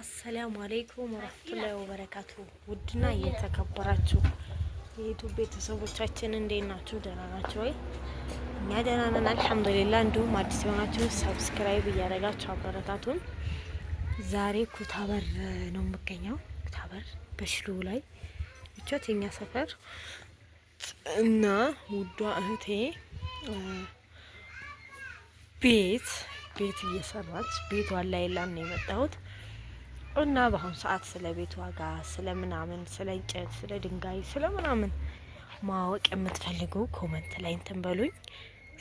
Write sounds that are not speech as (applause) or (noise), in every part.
አሰላሙ አለይኩም ወረህመቱላሂ ወበረካቱ። ውድና እየተከበራችሁ የዩቱብ ቤተሰቦቻችን እንዴት ናችሁ? ደህና ናችሁ ወይ? እኛ ደህና ነን አልሐምዱሊላህ። እንዲሁም አዲስ የሆናችሁ ሰብስክራይብ እያደረጋችሁ አበረታቱን። ዛሬ ኩታበር ነው የምገኘው። ኩታበር በሽሉ ላይ ብቻት የኛ ሰፈር እና ውዷ እህቴ ቤት ቤት እየሰራች ቤቷን ላይ ላም ነው የመጣሁት እና በአሁኑ ሰዓት ስለ ቤት ዋጋ ስለ ምናምን ስለ እንጨት ስለ ድንጋይ ስለ ምናምን ማወቅ የምትፈልጉ ኮመንት ላይ እንትን በሉኝ።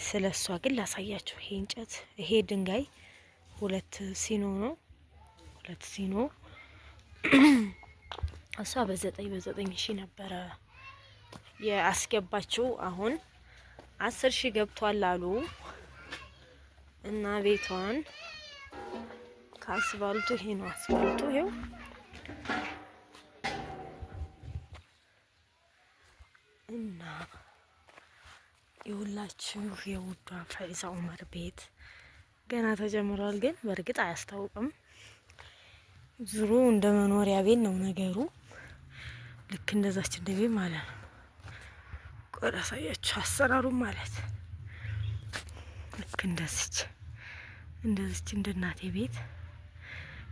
ስለ እሷ ግን ላሳያችሁ። ይሄ እንጨት ይሄ ድንጋይ ሁለት ሲኖ ነው። ሁለት ሲኖ (clears throat) እሷ በዘጠኝ በዘጠኝ ሺ ነበረ የአስገባችው። አሁን አስር ሺ ገብቷል አሉ እና ቤቷን ከአስፋልቱ ይሄ ነው አስፋልቱ። ይሄው እና የሁላችሁ የውዷ ፈይዛ ኡመር ቤት ገና ተጀምሯል፣ ግን በእርግጥ አያስታውቅም። ዙሮ እንደ መኖሪያ ቤት ነው ነገሩ። ልክ እንደዛች እንደ ቤት ማለት ነው። ቆዳ ሳያችሁ አሰራሩ ማለት ልክ እንደዚች እንደዚች እንደ እናቴ ቤት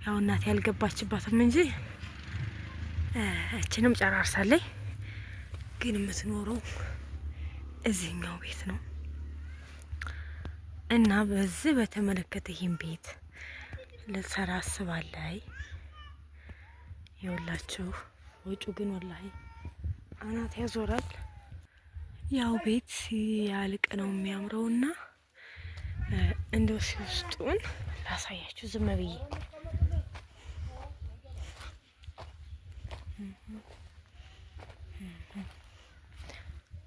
ያው እናት ያልገባችባትም እንጂ እችንም ጨራርሳለኝ። ግን የምትኖረው እዚህኛው ቤት ነው እና በዚህ በተመለከተ ይህን ቤት ልሰራ አስባለሁ። የወላችሁ ወጩ ግን ወላሂ አናት ያዞራል። ያው ቤት ያልቅ ነው የሚያምረውና እንደው ሲውስጡን ላሳያችሁ ዝም ብዬ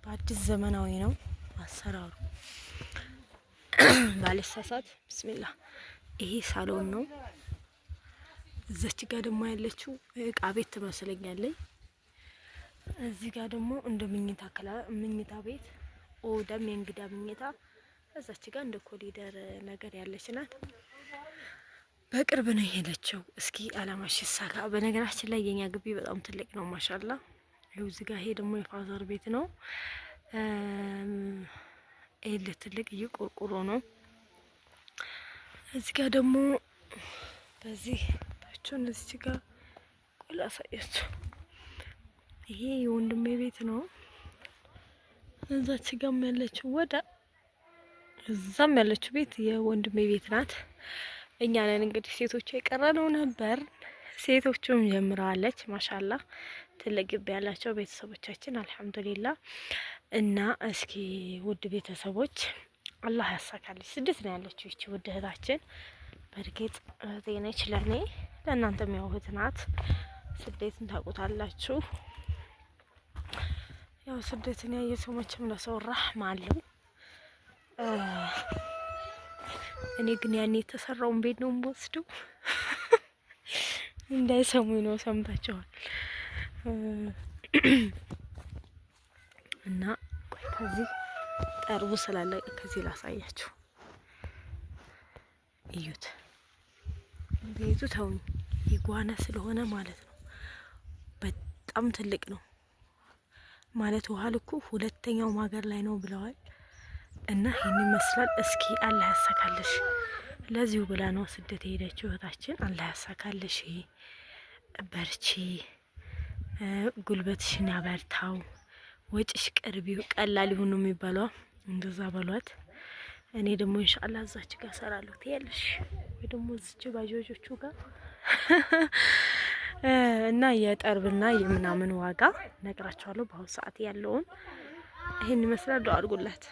በአዲስ ዘመናዊ ነው አሰራሩ። (clears throat) ባለሳሳት ብስሚላ ይሄ ሳሎን ነው። እዛች ጋ ደግሞ ያለችው እቃ ቤት ትመስለኛለች። እዚህ ጋር ደግሞ እንደ ምኝታ ክላ ምኝታ ቤት ኦደም የእንግዳ ምኝታ እዛች ጋር እንደ ኮሪደር ነገር ያለች ናት። በቅርብ ነው የሄደችው። እስኪ አላማሽ ይሳካ። በነገራችን ላይ የኛ ግቢ በጣም ትልቅ ነው። ማሻላ አሉ። እዚህ ጋር ይሄ ደግሞ የፋዘር ቤት ነው። ይሄ ትልቅ ይህ ቆርቆሮ ነው። እዚህ ጋር ደግሞ በዚህ ታቸው እዚህ ጋር ቆላ አሳያቸው። ይሄ የወንድሜ ቤት ነው። እዛች ጋም ያለችው ወደ እዛም ያለችው ቤት የወንድሜ ቤት ናት። እኛ ነን እንግዲህ ሴቶቹ የቀረነው ነበር። ሴቶቹም ጀምረዋለች። ማሻላ ትልቅ ግቢ ያላቸው ቤተሰቦቻችን አልሐምዱሊላ። እና እስኪ ውድ ቤተሰቦች አላህ ያሳካልች። ስደት ነው ያለችው ይቺ ውድ እህታችን። በእርግጥ እህቴ ነች ለእኔ ለእናንተ ያው ናት። ስደትን ታውቁታላችሁ። ያው ስደትን ያየ ሰው መቼም ለሰው ራህማ አለው። እኔ ግን ያኔ የተሰራውን ቤት ነው የምወስደው እንዳይሰሙኝ ነው። ሰምታቸዋል እና ከዚህ ጠርቡ ስላለ ከዚህ ላሳያችሁ። እዩት። ቤቱ ተውኝ ይጓነ ስለሆነ ማለት ነው። በጣም ትልቅ ነው ማለት ውሃ ልኩ ሁለተኛው ማገር ላይ ነው ብለዋል። እና ይህን ይመስላል። እስኪ አላ ያሳካለሽ። ለዚሁ ብላ ነው ስደት የሄደችው እህታችን። አላህ ያሳካልሽ፣ በርቺ፣ ጉልበትሽን ያበርታው፣ ወጭሽ ቅርቢ ቀላል ይሁኑ የሚባለው እንደዛ በሏት። እኔ ደግሞ ኢንሻአላህ እዛች ጋር ሰራለሁ ትያለሽ ወይ ደግሞ እዚች ባጆጆቹ ጋር (laughs) እና የጠርብና የምናምን ዋጋ ነግራቸዋለሁ። በአሁኑ ሰዓት ያለውን ይሄን ይመስላል። ዱአ አድርጉላት።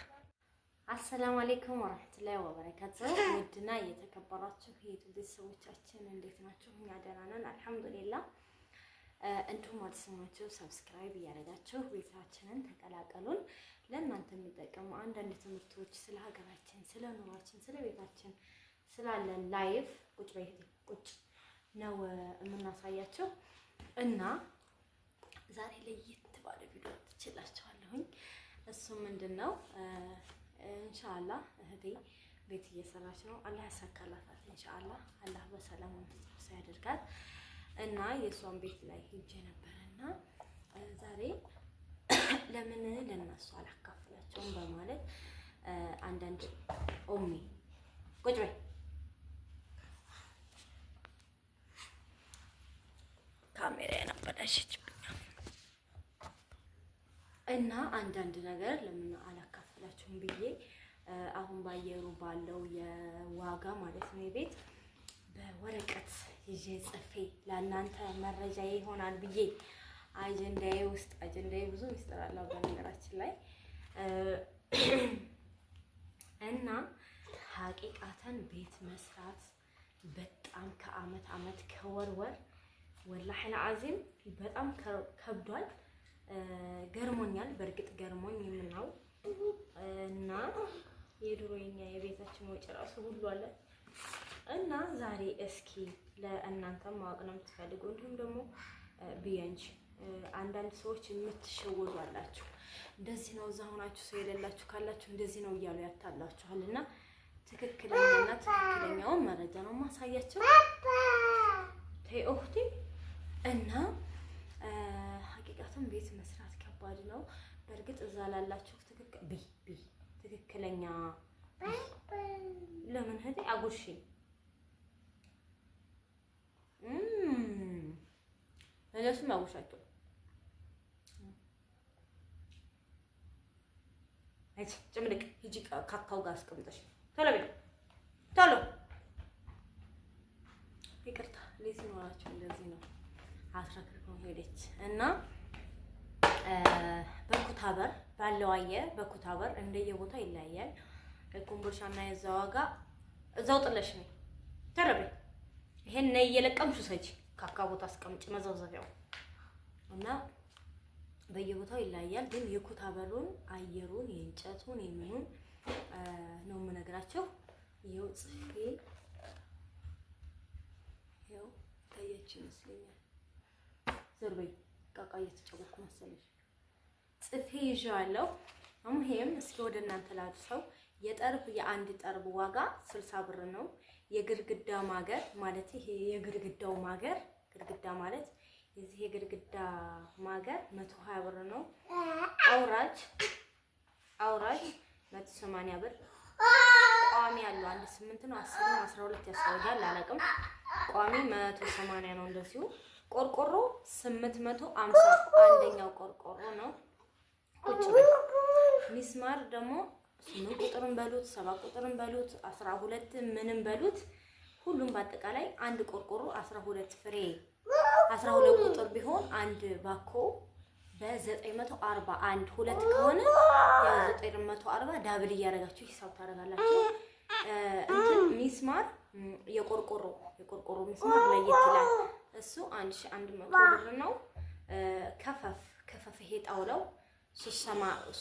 አሰላሙ አሌይኩም ወረህመቱላሂ ወበረካቱ። ውድና እየተከበራችሁ የዩቱብ ቤተሰቦቻችን እንዴት ናችሁ? እኛ ደህና ነን አልሐምዱሊላህ። እንዲሁም አዲስናችሁ ሰብስክራይብ እያደረጋችሁ ቤታችንን ተቀላቀሉን። ለእናንተ የሚጠቀሙ አንዳንድ ትምህርቶች ስለ ሀገራችን፣ ስለ ኑሯችን፣ ስለ ቤታችን ስላለን ላይፍ ቁጭ ቁጭ ነው የምናሳያቸው እና ዛሬ ለየት ባለ ቪዲዮ ትችላችኋለሁኝ። እሱ ምንድን ነው እንሻላ እህቴ ቤት እየሰራች ነው። አላህ ያሳካላታል። እንሻላ አላህ በሰላም እንድትጨርስ ያደርጋት እና የእሷን ቤት ላይ ሄጄ ነበረ እና ዛሬ ለምን ለእነሱ አላካፍላቸውም በማለት አንዳንድ ኦሚ ቁጭ በይ ካሜራ ያናበላሸችብኛል እና አንዳንድ ነገር ለምን አሁን ባየሩ ባለው የዋጋ ማለት ነው የቤት በወረቀት ይዤ ጽፌ ለእናንተ መረጃ ይሆናል ብዬ አጀንዳዬ ውስጥ አጀንዳዬ ብዙ ሚስጥር አለው በነገራችን ላይ እና ሀቂቃተን ቤት መስራት በጣም ከአመት አመት ከወር ወር ወላሂ ለአዚም በጣም ከብዷል። ገርሞኛል። በእርግጥ ገርሞኝ የምናው እና የድሮ የኛ የቤታችን ወጪ ራሱ ሁሉ አለ እና ዛሬ እስኪ ለእናንተ ማወቅ ነው የምትፈልጉ እንዲሁም ደግሞ ብየንች አንዳንድ ሰዎች የምትሸወዱ አላችሁ። እንደዚህ ነው እዛ ሆናችሁ ሰው የሌላችሁ ካላችሁ እንደዚህ ነው እያሉ ያታላችኋል። እና ትክክለኛና ትክክለኛውን መረጃ ነው ማሳያቸው። ተይ እና ሀቂቃትን ቤት መስራት ከባድ ነው። በእርግጥ እዛ ላላችሁ ትክክል ትክክለኛ ለምን እህቴ አጉርሺ እነሱም አጉርሻቸው ጭምልቅ ሂጂ ካካው ጋር አስቀምጠሽ ቶሎ ቤት ቶሎ ይቅርታ ሌት ኖራቸው እንደዚህ ነው አስረክርከው ሄደች እና ሀበር ባለው አየር በኩታ በር እንደየቦታ ይለያያል። ኮምቦልሻ እና የዛ ዋጋ እዛው ጥለሽ ነው ተረበ ይሄን ነይ እየለቀምሽ ሰጂ ካካ ቦታ አስቀምጭ መዘብዘቢያው እና በየቦታው ይለያያል። ግን የኩታ በሩን አየሩን የእንጨቱን የምኑን ነው የምነግራቸው። ይኸው ጽፌ ይኸው ታያችሁ ይመስለኛል። ዘርበኝ ቃቃ እየተጫወትኩ መሰለኝ ጽፌ ይዤዋለሁ። ይሄም እስኪ ወደ እናንተ ላድርሰው። የጠርብ የአንድ ጠርብ ዋጋ ስልሳ ብር ነው። የግድግዳ ማገር ማለት ይሄ የግድግዳው ማገር ግድግዳ ማለት የዚህ የግድግዳ ማገር 120 ብር ነው። አውራጅ አውራጅ 180 ብር። ቋሚ ያለው አንድ 8 ነው 10 ነው 12 ያስታውቃል አላውቅም። ቋሚ 180 ነው። እንደዚሁ ቆርቆሮ 850 አንደኛው ቆርቆሮ ነው። ቁጭ ሚስማር ደግሞ ስምንት ቁጥርን በሉት ሰባት ቁጥርን በሉት አስራ ሁለት ምንም በሉት ሁሉም በአጠቃላይ አንድ ቆርቆሮ አስራ ሁለት ፍሬ አስራ ሁለት ቁጥር ቢሆን አንድ ባኮ በዘጠኝ መቶ አርባ አንድ ሁለት ከሆነ ዘጠኝ መቶ አርባ ዳብል እያደረጋችሁ ሂሳብ ታደርጋላችሁ። እንትን ሚስማር የቆርቆሮ የቆርቆሮ ሚስማር ለየት ይላል። እሱ አንድ ሺህ አንድ መቶ ብር ነው። ከፈፍ ከፈፍ ይሄ ጣውላው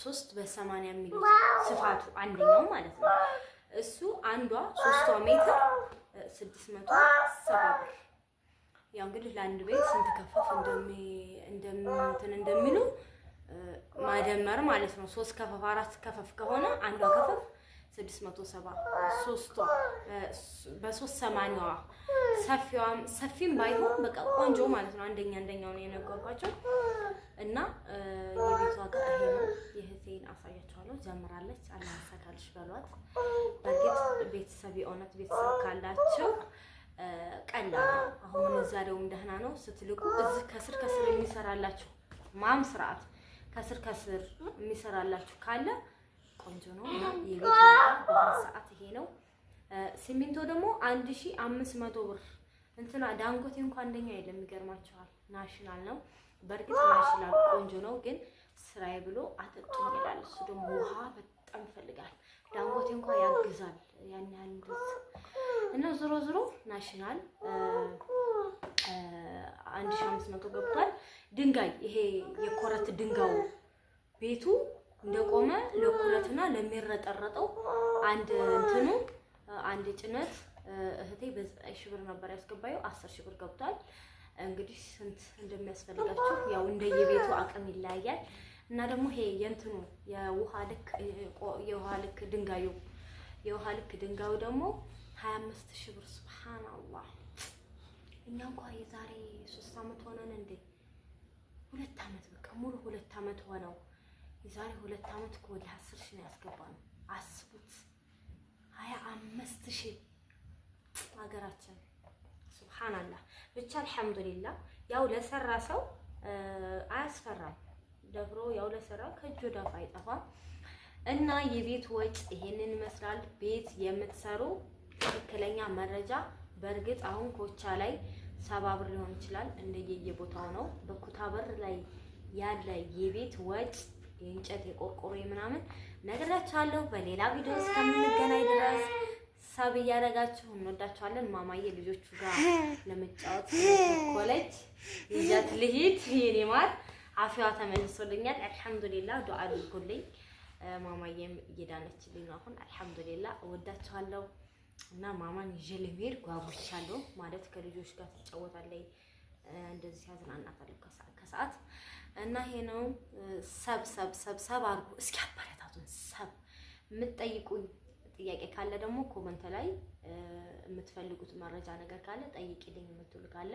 ሶስት በሰማንያ የሚሉት ስፋቱ አንደኛው ማለት ነው። እሱ አንዷ ሶስቷ ሜትር ስድስት መቶ ሰባ ብር። ያው እንግዲህ ለአንድ ቤት ስንት ከፈፍ እንደሚንትን እንደሚሉ ማደመር ማለት ነው። ሶስት ከፈፍ አራት ከፈፍ ከሆነ አንዷ ከፈፍ ስድስት መቶ ሰባ ሶስቷ በሶስት ሰማንያዋ ሰፊም ባይሆን በቃ ቆንጆ ማለት ነው። አንደኛ አንደኛውን የነገርኳቸው እና የቤቷ ጋር ይሄ ነው። የህቴን አሳያችኋለሁ። ጀምራለች አላመሰካልሽ በሏት። በእርግጥ ቤተሰብ የእውነት ቤተሰብ ካላቸው ቀላ አሁን ምንዛሬውም ደህና ነው ስትልቁ እዚህ ከስር ከስር የሚሰራላችሁ ማም ስርዓት ከስር ከስር የሚሰራላችሁ ካለ ቆንጆ ነው። የቤት ሰዓት ይሄ ነው። ሲሚንቶ ደግሞ አንድ ሺ አምስት መቶ ብር እንትና ዳንጎቴ እንኳ አንደኛ የለም። ይገርማችኋል ናሽናል ነው በእርግጥ ማሽላል ቆንጆ ነው፣ ግን ስራዬ ብሎ አጠጡኝ ይላል። እሱ ደግሞ ውሃ በጣም ይፈልጋል። ዳንጎቴ እንኳ ያግዛል ያን ያህል እንደዚህ እና ዞሮ ዞሮ ናሽናል አንድ ሺህ አምስት መቶ ገብቷል። ድንጋይ ይሄ የኮረት ድንጋዩ ቤቱ እንደቆመ ለኮረትና ለሚረጠረጠው አንድ እንትኑ አንድ ጭነት እህቴ በዘጠኝ ሺህ ብር ነበር ያስገባየው፣ አስር ሺህ ብር ገብቷል። እንግዲህ ስንት እንደሚያስፈልጋችሁ ያው እንደየቤቱ አቅም ይለያያል እና ደግሞ ይሄ የእንትኑ የውሃ ልክ የውሃ ልክ ድንጋዩ የውሃ ልክ ድንጋዩ ደግሞ 25 ሺህ ብር ሱብሃንአላህ። እኛ እንኳን የዛሬ ሶስት አመት ሆነን እንዴ ሁለት አመት በቃ ሙሉ ሁለት አመት ሆነው የዛሬ ሁለት አመት እኮ ወደ 10 ሺህ ነው ያስገባነው። አስቡት 25 ሺህ ሀገራችን ሱብሃንአላህ ብቻ አልሐምዱሊላ ያው ለሰራ ሰው አያስፈራም። ደብሮ ያው ለሰራ ከእጅ ወዳፍ አይጠፋም እና የቤት ወጪ ይሄንን ይመስላል። ቤት የምትሰሩ ትክክለኛ መረጃ በእርግጥ አሁን ኮቻ ላይ ሰባ ብር ሊሆን ይችላል እንደየየቦታው ነው። በኩታ በር ላይ ያለ የቤት ወጪ የእንጨት የቆርቆሮ ምናምን አለው። በሌላ ቪዲዮ እስከምንገናኝ ድረስ ሳብ እያደረጋችሁ እንወዳችኋለን። ማማዬ ልጆቹ ጋር ለመጫወት ኮለች ይዣት ልሂድ። የኔ ማር አፍያዋ ተመልሶልኛል። አልሐምዱሊላ ዱዓ አድርጎልኝ ማማዬም እየዳነችልኝ ነው አሁን አልሐምዱሊላ። እወዳችኋለሁ እና ማማን ይዤ ልሄድ ጓጉቻለሁ። ማለት ከልጆች ጋር ትጫወታለች እንደዚህ ያዝናናታለሁ ከሰዓት እና ይሄ ነው ሰብ ሰብ ሰብ ሰብ አድርጉ እስኪ አበረታቱን ሰብ የምትጠይቁኝ ጥያቄ ካለ ደግሞ ኮመንት ላይ የምትፈልጉት መረጃ ነገር ካለ ጠይቂልኝ የምትሉ ካለ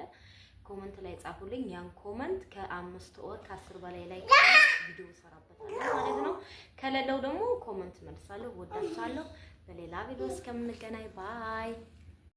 ኮመንት ላይ ጻፉልኝ። ያን ኮመንት ከአምስት ወር ከአስር በላይ ላይ ቪዲዮ እሰራበታለሁ ማለት ነው። ከሌለው ደግሞ ኮመንት መልሳለሁ። ወዳችኋለሁ። በሌላ ቪዲዮ እስከምንገናኝ ባይ